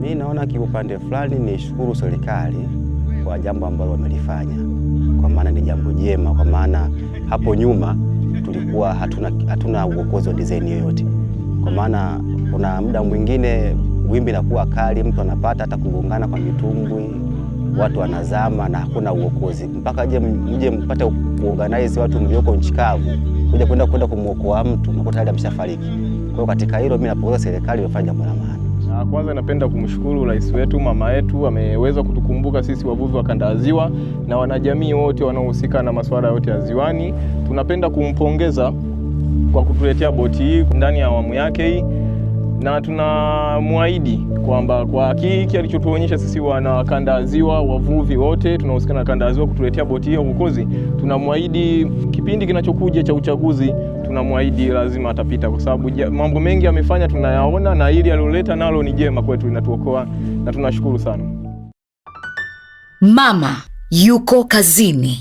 Mi naona kiupande fulani ni shukuru serikali kwa jambo ambalo wamelifanya, kwa maana ni jambo jema, kwa maana hapo nyuma tulikuwa hatuna, hatuna uokozi wa design yoyote, kwa maana kuna muda mwingine wimbi nakuwa kali, mtu anapata hata kugongana kwa mitumbwi, watu wanazama na hakuna uokozi, mpaka je mje mpate kuorganize watu mlioko nchi kavu kuja kwenda kwenda kumwokoa mtu, nakuta tayari ameshafariki. Kwa hiyo katika hilo mimi napongeza serikali, imefanya jambo la maana. Ah, kwanza napenda kumshukuru rais wetu, mama yetu, ameweza kutukumbuka sisi wavuvi wa kanda ya Ziwa na wanajamii wote wanaohusika na masuala yote ya ziwani. Tunapenda kumpongeza kwa kutuletea boti hii ndani ya awamu yake hii na tunamwahidi kwamba kwa hakiki alichotuonyesha sisi wana kanda ya Ziwa, wavuvi wote tunahusikana na kanda ya Ziwa kutuletea boti hiyo Uokozi, tunamwahidi kipindi kinachokuja cha uchaguzi, tunamwahidi lazima atapita, kwa sababu mambo mengi amefanya tunayaona, na ili aliloleta nalo ni jema kwetu, linatuokoa na tunashukuru sana. Mama Yuko Kazini.